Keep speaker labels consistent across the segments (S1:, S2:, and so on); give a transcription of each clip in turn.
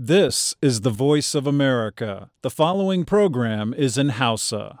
S1: This is the voice of America. The following program is in Hausa.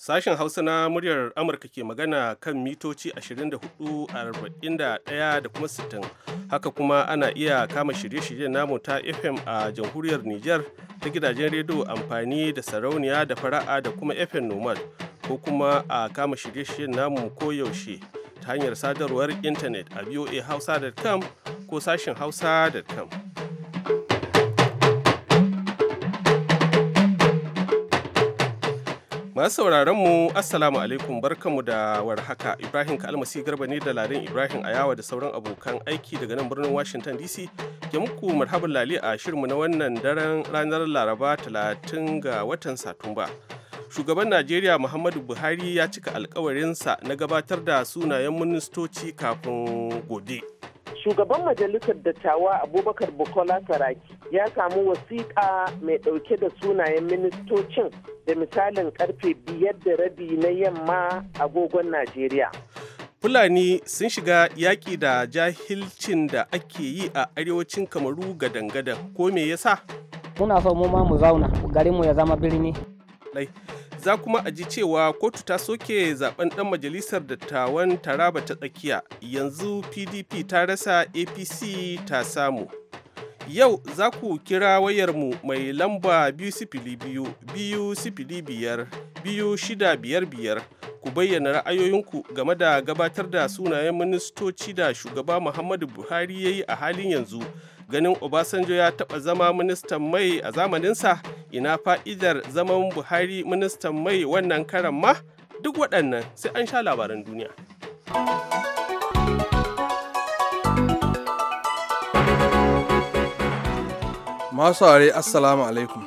S1: Sashen Hausa na muryar Amurka ke magana kan mitoci 24,41 da kuma 60. Haka kuma ana iya kama shirye-shiryen namu ta FM a jamhuriyar Nijar ta gidajen rediyo amfani da sarauniya da fara'a da kuma FM Nomad. ko kuma a kama shirye-shiryen namu koyaushe ta hanyar sadarwar intanet a voahausa.com ko sashen hausa.com. masu sauraron mu assalamu alaikum barkanmu da warhaka ibrahim kalmasi garba ne da larin ibrahim ayawa da sauran abokan aiki daga nan birnin washington dc ke muku marhaban lali a shirinmu na wannan daren ranar laraba 30 ga watan satumba shugaban najeriya muhammadu buhari ya cika alkawarinsa na gabatar da sunayen ministoci kafin gobe
S2: shugaban majalisar dattawa abubakar bukola saraki ya samu wasiƙa mai ɗauke da sunayen ministocin da misalin karfe biyar da rabi na yamma agogon najeriya
S1: fulani sun shiga yaƙi da jahilcin da ake yi a arewacin kamaru ga dangada ko me yasa
S3: muna so mu ma mu zauna garinmu ya zama
S4: birni
S1: kaɗai za kuma a ji cewa kotu ta soke zaben dan majalisar dattawan taraba ta tsakiya yanzu pdp ta rasa apc ta samu yau za ku kira wayarmu mai lamba biyu sifili biyu biyu sifili biyar biyu shida biyar biyar ku bayyana ra'ayoyinku game da gabatar da sunayen ministoci da shugaba muhammadu buhari ya yi a halin yanzu ganin obasanjo ya taɓa zama ministan mai a zamaninsa ina fa'idar zaman buhari ministan mai wannan karan ma duk waɗannan sai an sha labaran
S5: duniya masu are assalamu alaikum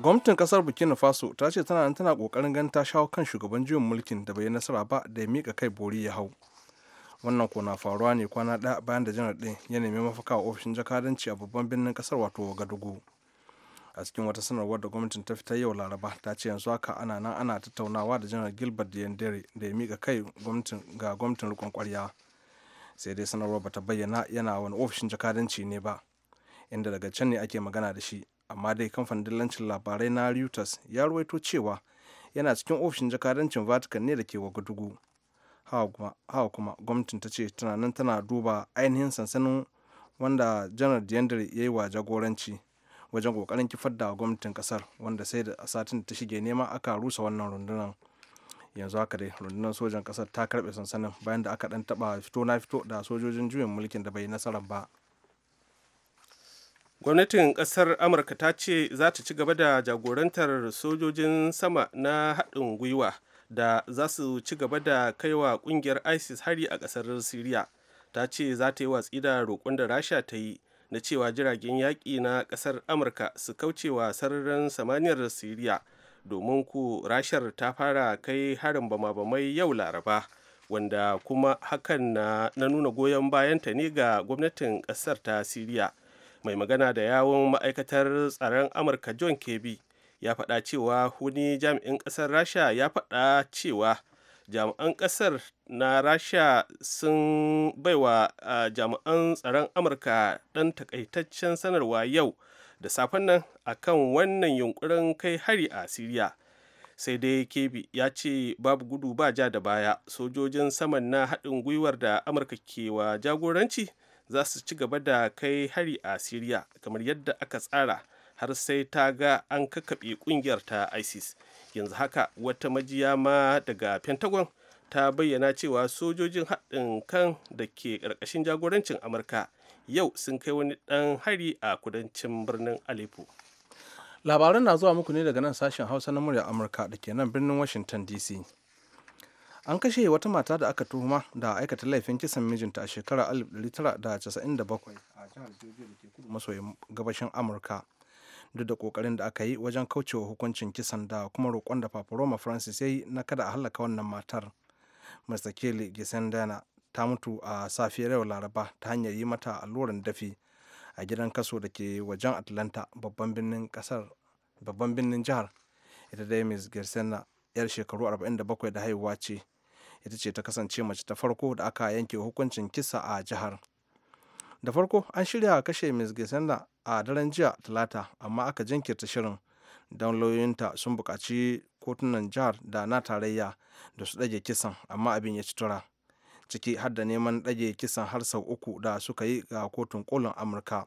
S5: gwamnatin kasar Bukina faso ta ce tana tana ƙoƙarin ganin ta shawo kan shugaban juyin mulkin da bai nasara ba da ya miƙa kai bori ya hau wannan ko na faruwa ne kwana ɗaya bayan da janar ɗin ya nemi mafaka a ofishin jakadanci a babban birnin ƙasar wato gadugu a cikin wata sanarwar da gwamnatin ta fitar yau laraba ta ce yanzu haka ana nan ana tattaunawa da janar gilbert da yandere da ya mika kai ga gwamnatin rikon kwarya sai dai sanarwar bata bayyana yana wani ofishin jakadanci ne ba inda daga can ne ake magana da shi amma dai kamfanin dillancin labarai na reuters ya ruwaito cewa yana cikin ofishin jakadancin vatican ne da ke wagadugu hawa kuma gwamnatin ta ce tana tana duba ainihin sansanin wanda janar diandre ya yi wa jagoranci wajen kokarin kifar da gwamnatin kasar wanda sai da satin ta shige nema aka rusa wannan rundunar yanzu haka dai rundunar sojan kasar ta karbe sansanin bayan da aka dan taba fito na fito da sojojin juyin mulkin da bai nasarar ba
S1: gwamnatin kasar amurka ta ce za ta ci gaba da jagorantar sojojin sama na haɗin gwiwa da za su ci gaba da kaiwa kungiyar isis hari a kasar syria ta ce za ta yi watsi da roƙon da rasha ta yi na cewa jiragen yaƙi na ƙasar amurka su kauce wa sararin samaniyar syria domin ku rashar ta fara kai harin bama-bamai yau laraba wanda kuma hakan na, na nuna goyon bayanta ne ga gwamnatin ƙasar ta syria mai magana da yawon ma'aikatar tsaron amurka john kebi ya faɗa cewa huni jami'in ƙasar rasha ya faɗa cewa jami'an ƙasar na rasha sun baiwa jami'an tsaron amurka ɗan takaitaccen sanarwa yau da safen nan akan wannan yunkurin kai hari a siriya sai dai kebi ya ce babu gudu ba ja da baya sojojin saman na haɗin gwiwar da amurka ke wa jagoranci za su ci gaba da kai hari a siriya kamar yadda aka tsara har sai ta ga an kakaɓe ƙungiyar ta isis yanzu haka wata majiya ma daga pentagon ta bayyana cewa sojojin haɗin kan da ke ƙarƙashin jagorancin amurka yau sun kai wani ɗan hari a kudancin birnin aleppo
S5: labaran na zuwa muku ne daga nan sashen hausa na murya amurka da ke nan birnin washington dc an kashe wata mata da aka tuhuma da aikata laifin kisan mijinta a shekarar 1997 a jihar georgia da ke kudu maso gabashin amurka duk da kokarin da aka yi wajen kaucewa hukuncin kisan da kuma roƙon da paparoma francis ya yi na kada a halaka wannan matar mr kelly gisendana ta mutu a safiyar yau laraba ta hanyar yi mata alluran dafi a gidan kaso da ke wajen atlanta babban birnin kasar babban birnin jihar ita dai ms gersena yar shekaru 47 da haihuwa ce ita ce ta kasance mace ta farko da aka yanke hukuncin kisa a jihar da farko an shirya kashe ms gesenda a daren jiya talata amma aka jinkirta shirin don lauyoyinta sun buƙaci kotunan jihar da na tarayya da su ɗage kisan amma abin ya ci tura ciki har da neman ɗage kisan har sau uku da suka yi ga kotun kolin amurka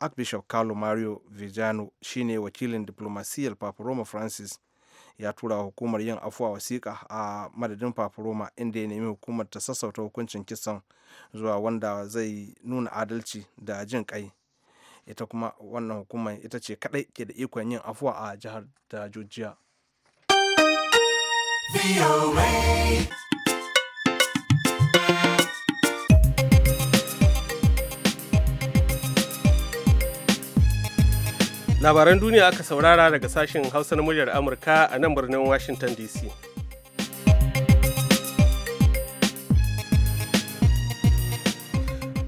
S5: archbishop carlo mario vigiano shine wakilin diplomasiyyar roma francis ya tura wa hukumar yin afuwa wasiƙa a madadin roma inda ya nemi hukumar ta sassauta hukuncin kisan zuwa wanda zai nuna adalci da jin kai ita kuma wannan hukumar ita ce kadai ke da ikon yin afuwa a jihar ta jujiya
S1: labaran duniya aka saurara daga sashen hausa na muryar amurka a nan birnin washington dc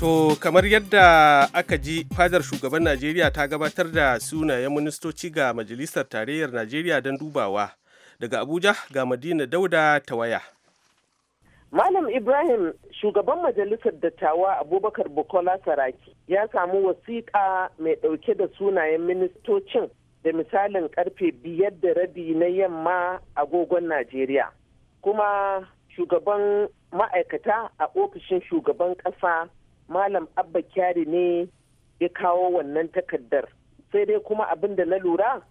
S1: To kamar yadda aka ji fadar shugaban Najeriya ta gabatar da sunayen ministoci ga Majalisar Tarayyar Najeriya don dubawa. Daga Abuja ga Madina Dauda ta waya.
S2: Malam Ibrahim shugaban majalisar dattawa Abubakar Bukola Saraki ya samu wasiƙa mai ɗauke da sunayen ministocin da misalin karfe biyar da rabi na yamma agogon Najeriya. Kuma shugaban ma'aikata a ofishin shugaban ƙasa malam abba kyari ne ya kawo wannan takardar sai dai kuma abin da na lura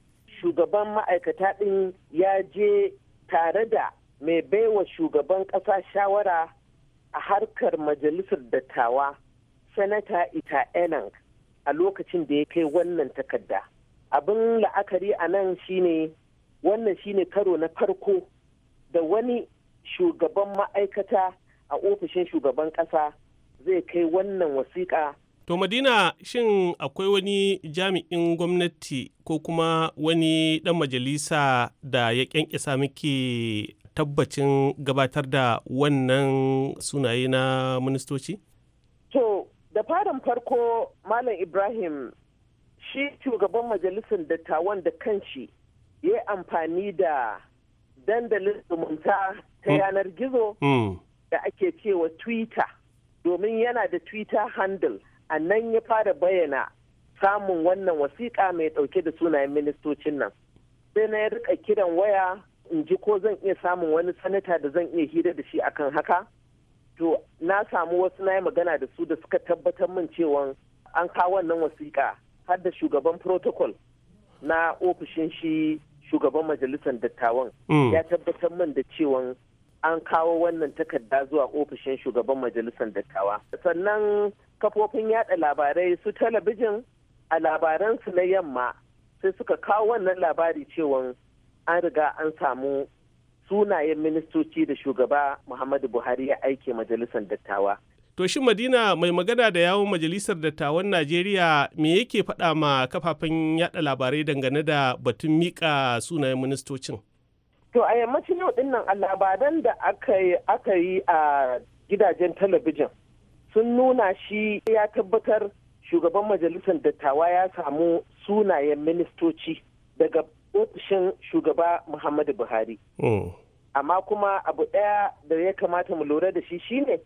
S2: shugaban ma'aikata ɗin ya je tare da mai baiwa shugaban ƙasa shawara a harkar majalisar dattawa sanata ita enang a lokacin da ya kai wannan takarda abin la'akari a nan shine wannan shine karo na farko da wani shugaban ma'aikata a ofishin shugaban ƙasa zai kai wannan wasiƙa
S1: To Madina shin akwai wani jami'in gwamnati ko kuma wani ɗan majalisa da ya ƙyanƙyasa miki tabbacin gabatar da wannan sunaye na ministoci?
S2: To da fadan farko Malam Ibrahim shi shugaban majalisar dattawan da kanshi ya yi amfani da dandalin zumunta ta mm. yanar gizo mm. da ake cewa Twitter. domin yana da twitter handle a nan ya fara bayyana samun wannan wasiƙa mai ɗauke da sunayen ministocin nan sai na rika kiran waya in ji ko zan iya samun wani sanata da zan iya hira da shi akan haka to na samu wasu na yi magana da su da suka tabbatar min cewa an kawo wannan wasiƙa har da shugaban protocol na ofishin shi shugaban majalisar dattawan mm. ya tabbatar min da cewa an kawo wannan takarda zuwa ofishin shugaban majalisar dattawa sannan kafofin yada labarai su talabijin a labaransu na yamma sai suka kawo wannan labari cewa an riga an samu sunayen ministoci da shugaba muhammadu buhari ya aike majalisar dattawa
S1: to shi madina mai magana da yawon majalisar dattawan najeriya me yake faɗa ma kafafen yada labarai dangane da batun mika sunayen ministocin
S2: To a yammacin yau din nan labaran da aka yi a gidajen talabijin sun nuna shi ya tabbatar shugaban majalisar dattawa ya samu sunayen ministoci daga ofishin shugaba Muhammadu Buhari. Hmm. Amma kuma abu ɗaya da ya kamata mu lura da shi shine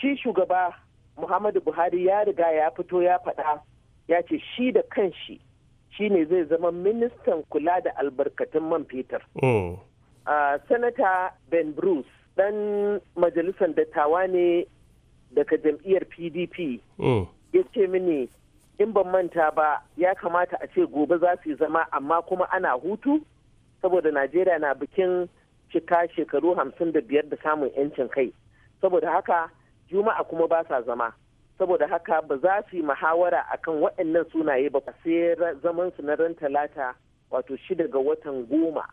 S2: shi shugaba Muhammadu Buhari ya riga ya fito ya faɗa ya ce shi da kanshi shi ne zai zama ministan kula da albarkatun man fetur. Hmm. Sanata Ben Bruce ɗan majalisar dattawa ne daga jam'iyyar PDP mm. ya ce mini in ban manta ba ya kamata a ce gobe za su yi zama amma kuma ana hutu saboda Najeriya na bikin cika shekaru hamsin da biyar da samun 'yancin kai saboda haka juma'a kuma ba sa zama saboda haka ba za su yi muhawara akan waɗannan sunaye ba sai zaman su na ran talata wato shida ga watan goma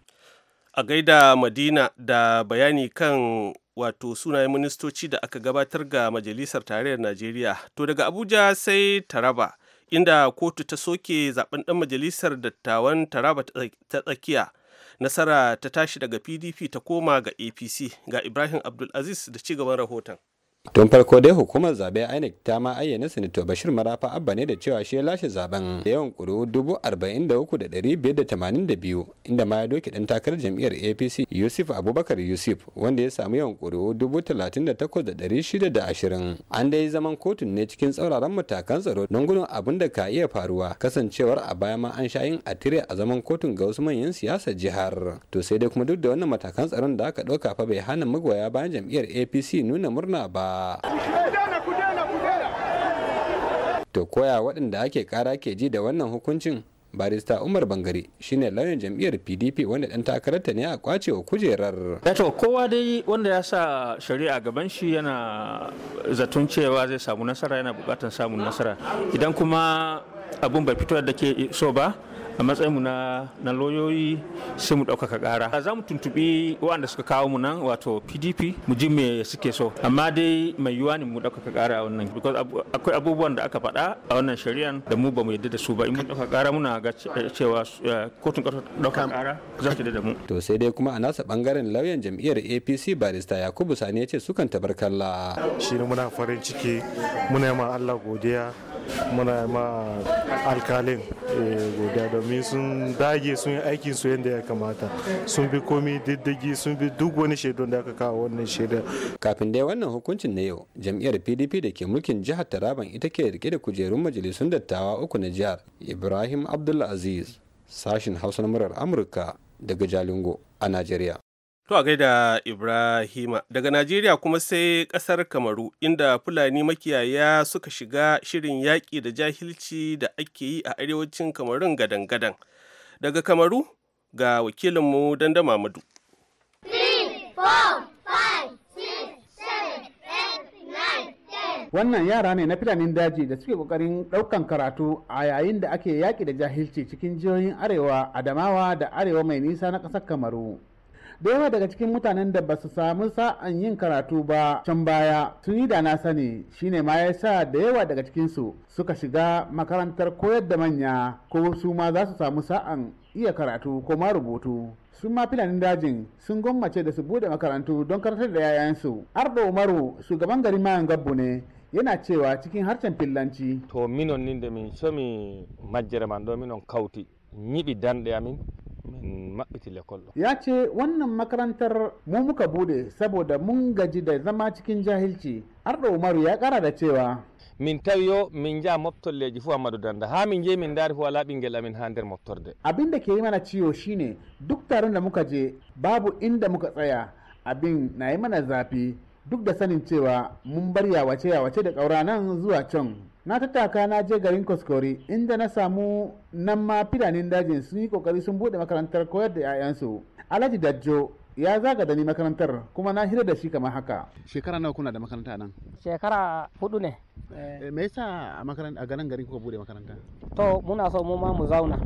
S1: a gaida madina da bayani kan wato sunayen ministoci da aka gabatar ga majalisar tarayyar najeriya to daga abuja sai taraba inda kotu ta soke zaben dan majalisar dattawan taraba ta tsakiya nasara ta tashi daga pdp ta koma ga apc ga ibrahim abdulaziz
S6: da cigaban rahoton tun farko dai hukumar zaɓe inec ta ma ayyana sanato bashir marafa abba ne da cewa shi ya lashe zaben da yawan ƙuri'u dubu arba'in da uku da ɗari biyar da tamanin da biyu inda ma ya doki ɗan takarar jam'iyyar apc yusuf abubakar yusuf wanda ya samu yawan ƙuri'u dubu talatin da takwas da ɗari shida da ashirin an dai zaman kotun ne cikin tsauraran matakan tsaro don gudun abin da ka iya faruwa kasancewar a baya ma an sha yin atire a zaman kotun ga wasu manyan siyasar jihar to sai dai kuma duk da wannan matakan tsaron da aka ɗauka fa bai hana magoya bayan jam'iyyar apc nuna murna ba to koya waɗanda ake ƙara ke ji da wannan hukuncin barista umar bangare shine lauyan jam'iyyar pdp wanda dan takararta ne a kwace wa kujerar eh to kowa dai wanda ya sa
S1: shari'a gaban shi yana zaton cewa zai samu nasara yana bukatar samun nasara idan kuma abun bai fito da ke so ba a matsayinmu na na loyoyi
S4: sai mu ɗaukaka ƙara za mu tuntuɓi waɗanda suka kawo mu nan wato pdp mu ji me suke so amma dai mai yiwuwa ne mu ɗaukaka ƙara a wannan because akwai abubuwan da aka faɗa
S1: a wannan shari'an da mu ba mu yadda da su ba in mun ɗaukaka ƙara muna ga eh, cewa eh, kotun ɗaukaka
S6: ƙara za ki da mu. to sai dai kuma a nasa ɓangaren lauyan jam'iyyar apc barista yakubu sani ya ce sukan tabarkalla. shi ne muna farin ciki muna yi ma allah godiya muna ma alkalin eh, godiya domin sun dage sun yi aikin su yadda ya kamata sun bi komi diddigi sun bi duk wani shaidon da aka kawo wannan shaida kafin dai wannan hukuncin na yau jam'iyyar pdp da ke mulkin jihar taraban ita ke rike da kujerun majalisun dattawa uku na jihar ibrahim abdulaziz sashin hausa na murar amurka daga jalingo a najeriya
S1: To a gaida Ibrahima daga Najeriya kuma sai ƙasar Kamaru inda Fulani makiyaya suka shiga shirin yaƙi da jahilci da ake yi a arewacin Kamarun gadan-gadan. Daga Kamaru ga wakilinmu Dandama Mamadu.
S3: wannan yara ne na filanin daji da suke kokarin ɗaukan karatu a yayin da ake yaƙi da jahilci cikin jihohin arewa adamawa da arewa mai nisa na ƙasar kamaru da yawa daga cikin mutanen da ba su samu sa'an yin karatu ba can baya sun yi da na sani shine ma ya sa da yawa daga cikinsu suka shiga makarantar koyar da manya ko su ma za su samu sa'an iya karatu ko ma rubutu sun ma filanin dajin sun gwammace da su bude makarantu don karatar da yayansu arda umaru shugaban garin mayan gabbu ne yana cewa cikin harshen fillanci to minon da min so mi majjere man do minon kauti nyibi dande amin Mm, ya ce wannan makarantar mu muka bude saboda mun gaji da zama cikin jahilci arda umaru ya kara da cewa min tawiyo min ja moftolleji
S7: fuu amadou danda ha min je min daari fuu wala ɓinguel amin ha nder moftorde
S3: abin da ke yi mana ciwo shine duk taron da muka je babu inda muka tsaya abin na yi mana zafi duk da sanin cewa mun bar yawace yawace da ƙaura nan zuwa can na tattaka na je garin koskori inda na samu nan ma filanin dajin sun yi kokari sun bude makarantar koyar da 'ya'yansu alhaji dajo ya zaga da ni makarantar kuma na hira da shi kamar haka shekara nawa kuna da makaranta nan shekara hudu ne eh, me yasa a makaranta a garin garin kuka bude makaranta to muna so mu ma mu zauna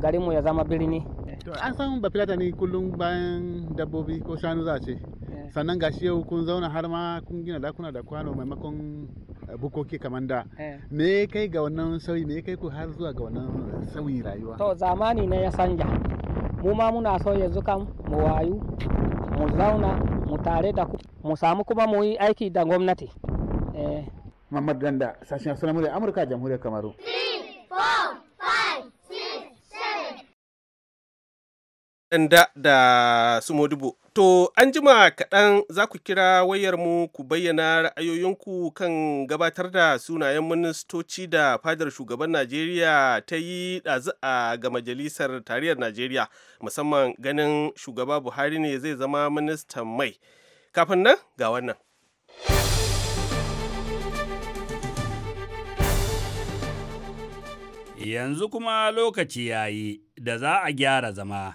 S3: garin mu ya zama birni to an san filata ni kullum bayan dabbobi ko shanu za ce sannan gashi yau kun zauna har ma kun gina dakuna da kwano maimakon eh, bukoki kamar da eh. me ya kai ga wannan sauyi me ya kai ku har zuwa ga wannan sauyi rayuwa to zamani ne ya sanja mu ma muna so yanzu kam mu wayu mu zauna mu tare da ku mu samu kuma mu yi aiki da gwamnati eh Mamad Danda, sashen alaikum Amurka, Jamhuriyar Kamaru.
S5: 3, 4,
S1: danda da su modibo to an jima kaɗan za ku kira wayarmu ku bayyana ra'ayoyinku kan gabatar da sunayen ministoci da fadar shugaban najeriya ta yi ɗazu a ga majalisar tarayyar najeriya musamman ganin shugaba buhari ne zai zama ministan mai kafin
S6: nan ga wannan yanzu kuma lokaci yayi da za a gyara zama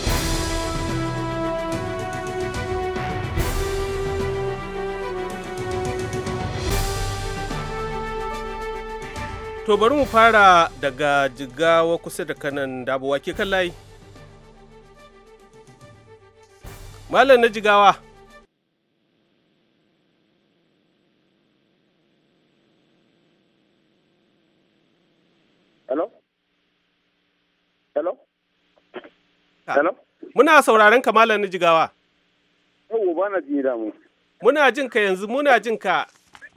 S1: To bari mu fara daga jigawa kusa da kanan dabuwa ke kan layi. Malam na jigawa. Hello? Hello? Ah, Hello? Muna sauraron ka malam na jigawa.
S7: Yau ba na ji damu.
S1: Muna jin ka yanzu muna jin ka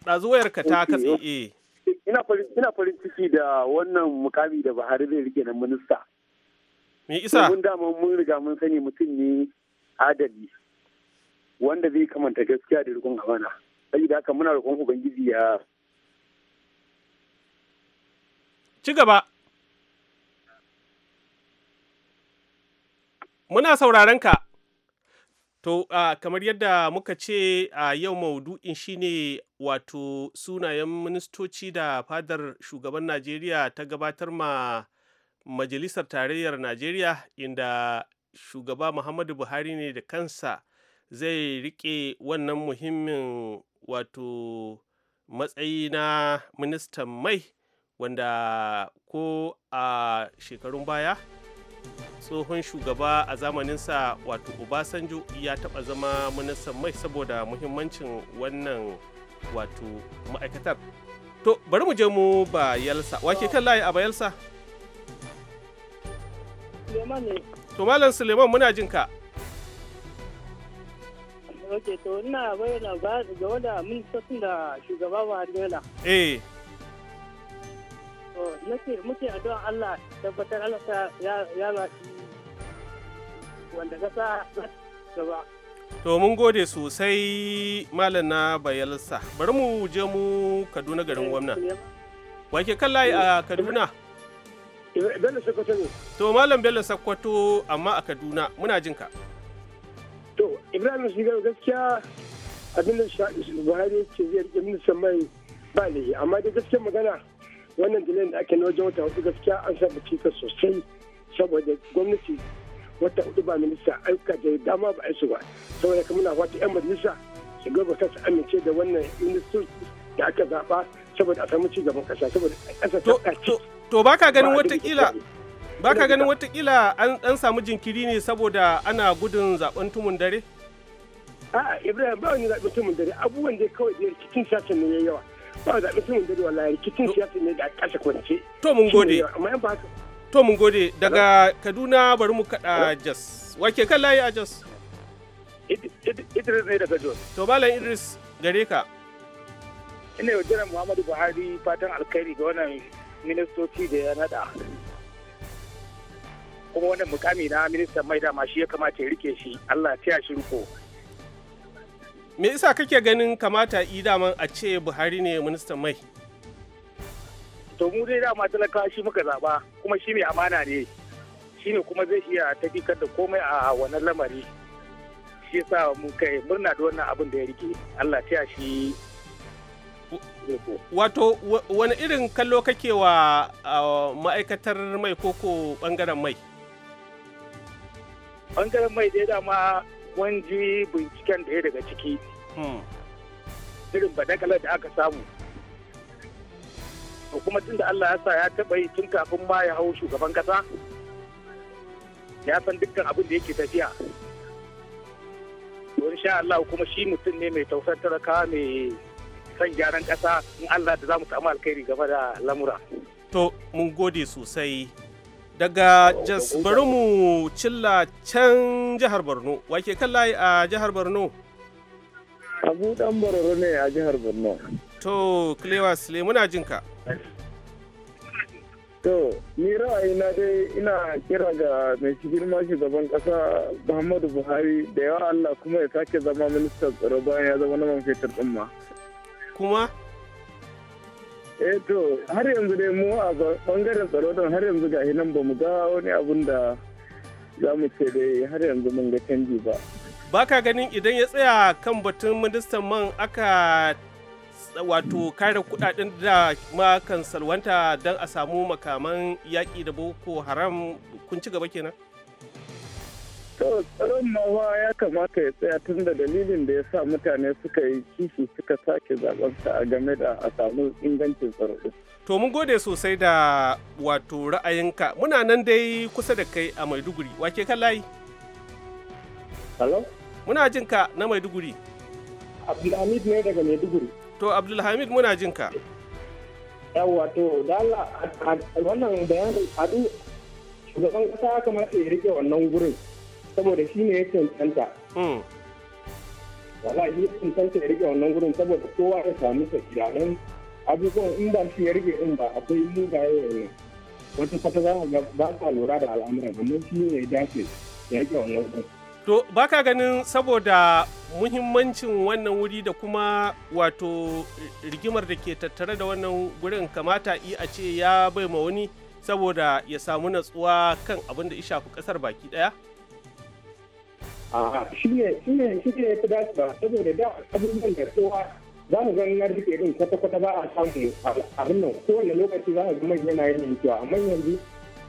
S1: ɗazu wayarka ta katsi. eh.
S7: ina farin ciki da wannan mukami da Buhari zai rike na minista. Me isa? Mun dama mun riga mun sani mutum ne adali wanda zai kamanta gaskiya da rikon amana. da haka muna rikon Ubangiji ya Ci gaba. Muna sauraron
S1: ka. To, uh, kamar yadda muka ce a uh, yau maudu'in shine wato sunayen ministoci da fadar shugaban Najeriya ta gabatar ma Majalisar Tarayyar Najeriya inda shugaba Muhammadu Buhari ne da kansa zai rike wannan muhimmin wato matsayi na ministan mai wanda ko a uh, shekarun baya tsohon shugaba a zamaninsa wato obasanjo ya taɓa zama ministan mai saboda muhimmancin wannan wato ma'aikatar to bari mu je mu bayelsa wake kan layi a bayelsa to malam suleiman muna jin ka
S7: ok to ina bayyana ga wanda ministocin da shugaba ba eh nake muke don Allah tabbatar Allah ta ya na wanda sa gaba.
S1: To mun gode sosai malam na bayelsa bari mu je mu Kaduna garin gwamna. Wake kan layi a Kaduna?
S7: Bello Sokoto ne.
S1: To malam Bello Sokoto amma a Kaduna muna jin ka.
S7: To Ibrahim Shigar gaskiya abin da Buhari ke zai rike ministan mai ba ne amma da gaskiya magana wannan dalilan da ake na wajen wata hudu gaskiya an samu cika sosai saboda gwamnati wata hudu ba minista aika da dama ba su ba saboda kuma na fata yan majalisa su gaba kansu amince da wannan ministry da aka zaba saboda a samu cigaban kasa saboda kasa ta to
S1: ka ganin watakila ka ganin watakila an dan samu jinkiri ne saboda ana gudun zaben tumun dare
S7: a ibrahim ba wani zaben tumun dare abubuwan da kawai da cikin sashen ne yawa to mun gode
S1: to mun gode daga
S7: kaduna bari
S1: mu kaɗa jas wake kan
S7: layi a jas idris ne daga jos to malam idris gare ka ina yau jiran muhammadu buhari fatan alkhairi ga wannan ministoci da ya nada kuma wannan mukami na ministan mai dama shi ya kamata ya rike shi allah ya taya shi
S1: me yasa kake ganin kamata idaman a ce buhari ne ministan mai
S7: to mu dai dama talakawa shi muka zaba kuma shi mai amana ne shi ne kuma zai iya tafikar da komai a wannan lamari shi yasa mu kai murna da wannan abin da ya rike Allah ta shi
S1: wato wani irin kallo kake wa ma'aikatar mai koko bangaren mai
S7: bangaren mai dai dama mun ji binciken da ya daga ciki hmm. irin badakalar da aka samu to kuma tun da Allah ya sa ya taɓa yi tun kafin ma ya hau shugaban ƙasa. ya san dukkan abin da yake tafiya don sha Allah kuma shi mutum ne mai tausar taraka mai son gyaran kasa in Allah da za mu samu alkhairi gaba da lamura
S1: to mun gode sosai daga jas mu cilla can jihar borno wake kan layi a jihar borno
S7: abu dan bororo ne a jihar borno
S1: to klewa sile muna jinka. ka
S7: to ni ra'ayina dai ina kira ga mai girma shugaban kasa muhammadu buhari da yawa allah kuma ya sake zama ministan tsaro bayan ya zama na man fetur kuma eh to har yanzu dai mu a bangaren tsaro don har yanzu ga nan ba mu ga wani abun da za mu ce dai har yanzu mun ga canji ba
S1: baka ganin idan ya tsaya kan batun ministan man aka wato kare kudaden da ma kan salwanta don a samu makaman yaƙi da boko haram kun ci gaba kenan
S7: To tsaron mawa ya kamata ya tsaya tun da dalilin da ya sa mutane suka yi kishi suka sake zaɓensa a game da a samu ingancin tsaro.
S1: To mun gode sosai da wato ra'ayinka muna nan dai kusa da kai a Maiduguri wake kan layi. Hello? Muna jin ka na Maiduguri.
S7: Abdulhamid ne daga Maiduguri.
S1: To Abdulhamid muna jin ka.
S7: Yawwa to da wannan bayanin adu shugaban kasa kamata ya rike wannan gurin. saboda shi ne ya cancanta hmm. wala shi ya cancanta ya rike wannan gurin saboda kowa ya samu sakira don abubuwan in ba shi ya rike din ba akwai mugaye ne wata kwata za ga ba ka lura da al'amuran amma shi ne ya dace ya rike wannan gurin
S1: To baka ganin saboda muhimmancin wannan wuri da kuma wato rigimar da ke tattare da wannan gurin kamata yi a ce ya bai ma wani saboda ya samu natsuwa kan abin da ishafi kasar baki daya?
S7: a shi ne shi ne shi ne ya fi dacewa saboda da abubuwan da kowa za mu ga na rike din kwata-kwata ba a samu abin nan kowane lokaci za mu ga yana na yin cewa amma yanzu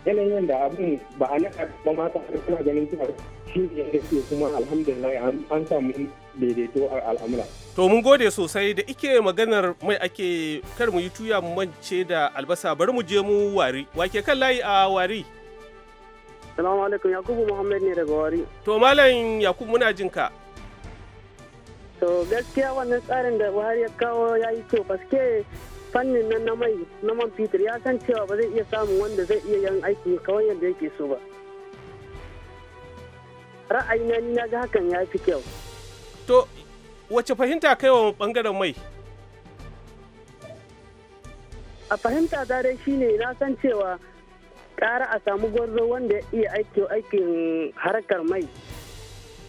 S7: yanayin da abin ba a naka ba ma ta kuma ganin cewa shi ne ya ce kuma alhamdulillah an samu daidaito a al'amura.
S1: To mun gode sosai da ike maganar mai ake kar mu yi tuya mace mance da albasa bari mu je mu wari wake kan layi a wari.
S2: Salamu alaikum Yakubu Muhammad ne daga wari.
S1: To Malam Yakubu muna jin ka.
S2: To gaskiya wannan tsarin da Buhari ya kawo ya yi kyau paske fannin nan na mai na man fitir ya san cewa ba zai iya samun wanda zai iya yin aiki kawai yadda yake so ba. Ra'ayina ni na ga hakan ya fi kyau.
S1: To wace fahimta kai wa bangaren mai?
S2: A fahimta dare shine na san cewa ƙara a samu gwarzo wanda ya iya aikin harkar mai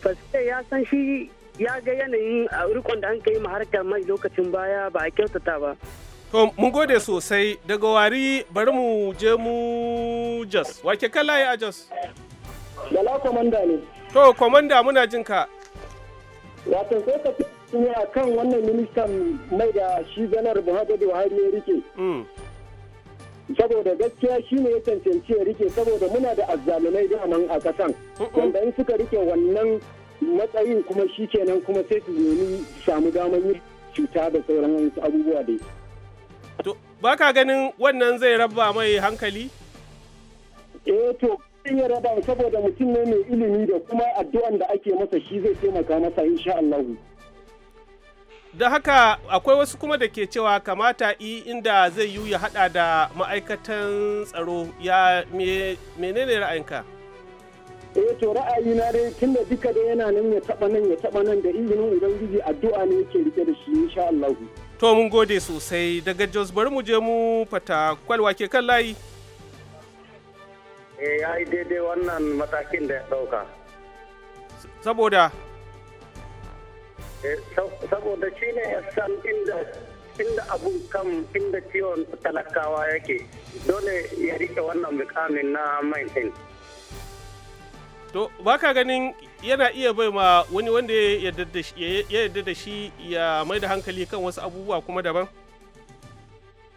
S2: faske ya san shi ya ga yanayin a rikon da an kai ma harkar mai lokacin baya ba a kyautata ba
S1: to mun gode sosai daga wari bari mu je mu jos wake layi a jos
S7: bala komanda
S1: ne to komanda muna jin ka
S7: wato sai ka fi a kan wannan ministan mai da shi zanar buhari da buhari ya rike mm. saboda gaskiya shi ne ya cancanci ya rike saboda muna da azzalumai daman a kasan wanda in suka rike wannan matsayin kuma shi kenan kuma sai su nemi samu damar yin cuta da sauran abubuwa dai.
S1: To, ba ka ganin wannan zai raba mai hankali?
S7: Eh to, ya raba saboda mutum ne mai ilimi da kuma addu'an da ake masa shi zai taimaka masa insha
S1: da haka akwai wasu kuma da ke cewa kamata i inda zai yi ya hada da ma'aikatan tsaro ya menene ra'ayinka
S7: eh to ra'ayi na dai tunda duka da yana nan ya taba nan ya taba nan da izinin ubangiji addu'a ne yake rike da shi insha Allah
S1: to mun gode sosai daga Jos bari mu je mu fata kwalwa ke kan layi
S7: eh yayi daidai wannan matakin da ya dauka saboda Eh, saboda shi ne ya san inda inda abun kan inda ciwon talakawa yake dole ya rike wannan mukamin na mai
S1: to ba baka ganin yana iya bai ma wani wanda ya yarda da shi ya mai da hankali kan wasu abubuwa kuma daban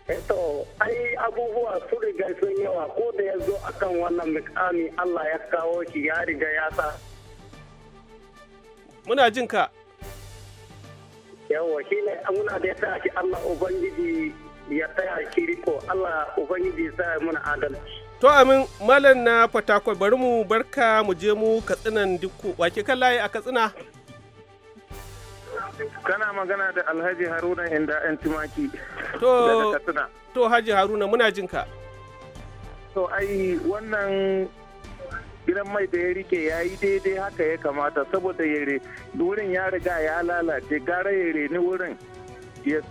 S7: eh, to ai abubuwa su riga sun yawa ko da ya zo akan wannan mukami Allah ya kawo shi ya riga ya sa
S1: muna jin ka
S7: yawa shi ne muna da ya sa shi Allah Ubangiji ya tsaya shi riko Allah Ubangiji sa muna adalci.
S1: To amin malam na Fatakwal bari mu barka mu je mu katsinan dukku wake kan layi a katsina.
S7: Kana magana da Alhaji Haruna inda yan tumaki. To,
S1: to Haji Haruna muna jinka.
S7: To ai wannan gidan mai da ya rike ya yi daidai haka ya kamata saboda yare wurin ya riga ya lalace gara yare ni wurin ya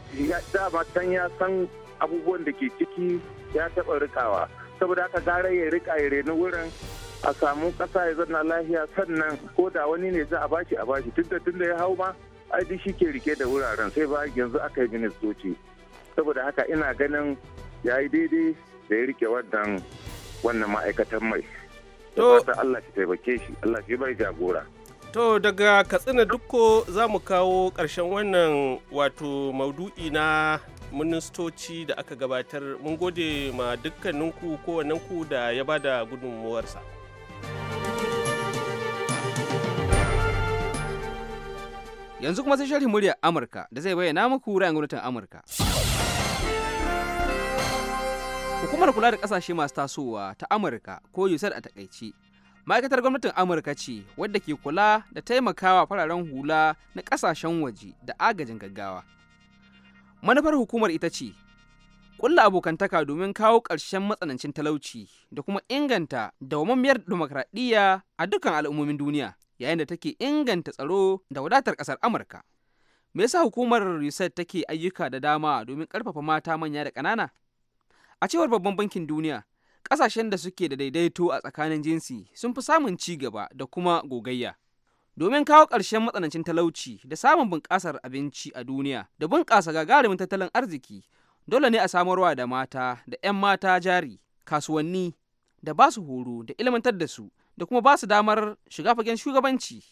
S7: dama can ya san abubuwan da ke ciki ya taba rikawa saboda haka gara ya rika ya reni wurin a samu kasa ya zanna lafiya sannan ko da wani ne za a bashi a bashi tunda da ya hau ma aidi shi ke rike da wuraren sai ba yanzu aka yi ministoci saboda haka ina ganin ya yi daidai da ya rike wannan wannan ma'aikatan mai to Allah shi taimake shi Allah shi bai jagora
S1: to daga katsina dukko za mu kawo karshen wannan wato maudu'i na ministoci da aka gabatar mun gode ma dukkaninku
S4: kowannenku da ya bada gudunmuwarsa. yanzu kuma sai sharhin muryar amurka da zai bayyana muku ra'ayin gwamnatin amurka Hukumar kula da kasashe masu tasowa ta Amurka ko USAID a takaici. Ma'aikatar gwamnatin Amurka ce wadda ke kula da taimakawa fararen hula na kasashen waje da agajin gaggawa. Manufar hukumar ita ce kulla abokantaka domin kawo ƙarshen matsanancin talauci da kuma inganta dawwammamiyar dimokuraɗiyya a dukkan al'ummomin duniya yayin da take inganta tsaro da wadatar ƙasar Amurka. Me yasa hukumar reset take ayyuka da dama domin ƙarfafa mata manya da ƙanana? A cewar Babban Bankin Duniya, ƙasashen da suke da daidaito a tsakanin jinsi sun fi samun ci gaba da kuma gogayya. Domin kawo ƙarshen matsanancin talauci da samun bunƙasar abinci a duniya da bunƙasa gagarumin tattalin arziki, dole ne a samarwa da mata da 'yan mata jari, kasuwanni, da ba su horo da ilmantar da su da kuma ba su damar shiga fagen shugabanci.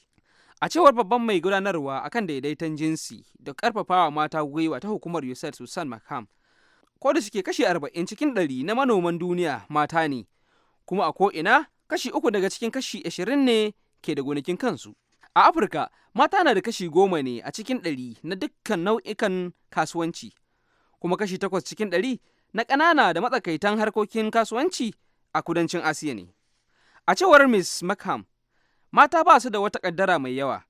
S4: A cewar babban mai gudanarwa akan daidaiton jinsi da ƙarfafawa mata gwiwa ta hukumar USAID Susan Makam, ko da suke kashi arba'in cikin ɗari na manoman duniya mata ne kuma a ko'ina kashi uku daga cikin kashi ashirin ne ke da gonakin kansu a afirka mata na da kashi goma ne a cikin ɗari na dukkan nau'ikan kasuwanci kuma kashi takwas cikin ɗari na ƙanana da matsakaitan harkokin kasuwanci a kudancin asiya ne a cewar miss mckham mata ba su da wata ƙaddara mai yawa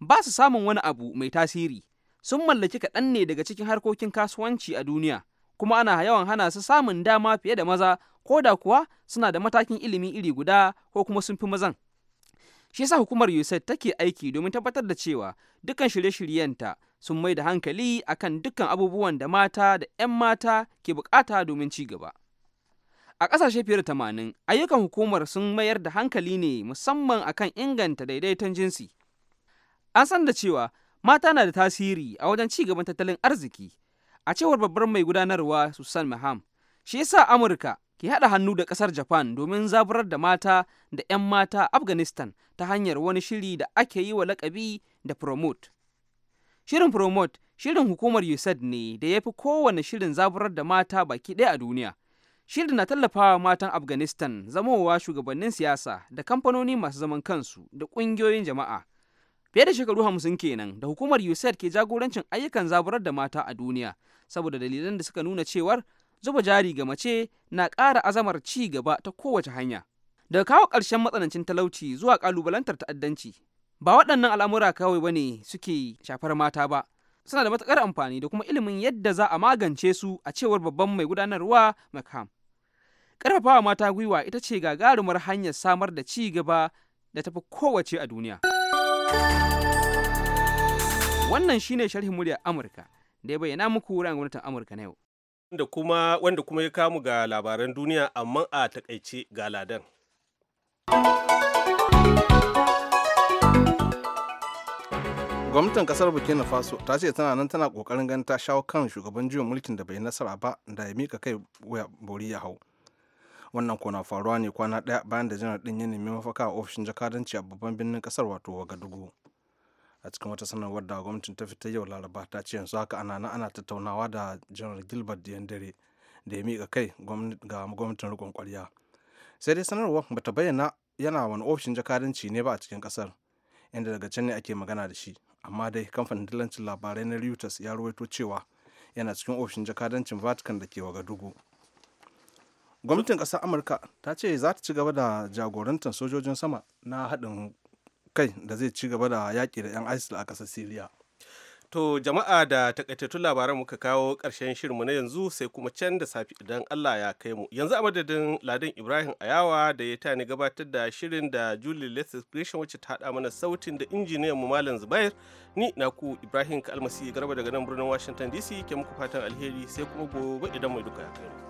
S4: ba su samun wani abu mai tasiri sun mallaki kaɗan ne daga cikin harkokin kasuwanci a duniya kuma ana yawan hana su samun dama fiye da maza ko da kuwa suna da matakin ilimi iri guda ko kuma sun fi mazan shi yasa hukumar USAID take aiki domin tabbatar da cewa dukkan shirye-shiryenta sun mai da hankali akan dukkan abubuwan da mata da 'yan mata ke bukata domin ci gaba. A ƙasashe fiye da tamanin, ayyukan hukumar sun mayar da hankali ne musamman akan inganta daidaiton jinsi. An san da cewa mata na da tasiri a wajen ci gaban tattalin arziki, a cewar babbar mai gudanarwa susan maham shi yasa amurka ke haɗa hannu da ƙasar japan domin zaburar da mata da 'yan mata afghanistan ta hanyar wani shiri da ake yi wa lakabi da promote shirin promote shirin hukumar usaid ne da ya fi kowane shirin zaburar da mata baki ɗaya a duniya shirin na tallafawa matan afghanistan zamowa shugabannin siyasa da kamfanoni masu zaman kansu da ƙungiyoyin jama'a fiye da shekaru hamsin kenan da hukumar usaid ke jagorancin ayyukan zaburar da mata a duniya saboda dalilan da suka nuna cewar zuba jari ga mace na ƙara azamar ci gaba ta kowace hanya. Daga kawo ƙarshen matsanancin talauci zuwa ƙalubalantar ta'addanci, ba waɗannan al'amura kawai bane suke shafar mata ba, suna da matuƙar amfani da kuma ilimin yadda za a magance su a cewar babban mai gudanarwa Makham. Ƙarfafawa mata gwiwa ita ce gagarumar hanyar samar da ci gaba da tafi kowace a duniya. Wannan shine sharhin murya Amurka. da ya bayyana muku wurin gwamnatin Amurka na yau.
S1: Wanda kuma wanda kuma ya kamu ga labaran duniya amma a takaice ga ladan.
S5: gwamnatin kasar burkina faso ta ce tana nan tana kokarin ganin ta shawo kan shugaban juyin mulkin da bai nasara ba da ya mika kai waya bori ya hau wannan ko na faruwa ne kwana daya bayan da janar din ya nemi mafaka a ofishin jakadanci a babban birnin kasar wato wagadugu a cikin wata sanarwar da gwamnatin ta fita yau laraba ta ce yanzu haka ana ana tattaunawa da janar gilbert da dare da ya miƙa kai ga gwamnatin riƙon ƙwarya sai dai sanarwar ta bayyana yana wani ofishin jakadanci ne ba a cikin ƙasar inda daga can ne ake magana da shi amma dai kamfanin dillancin labarai na reuters ya ruwaito cewa yana cikin ofishin jakadancin vatican da ke wagadugu gwamnatin ƙasar amurka ta ce za ta ci gaba da jagorantar sojojin sama na haɗin kai da zai ci gaba da yaƙi da 'yan isil a ƙasar siriya
S1: to jama'a da takaitattun labaran muka kawo ƙarshen shirinmu na yanzu sai kuma can da safi idan allah ya kai mu yanzu a madadin ladin ibrahim ayawa da ya tani gabatar da shirin da julie lethis gresham wacce ta haɗa mana sautin da injiniyan mu malam zubair ni na ku ibrahim kalmasi garba daga nan birnin washington dc ke muku fatan alheri sai kuma gobe idan mai duka ya kai mu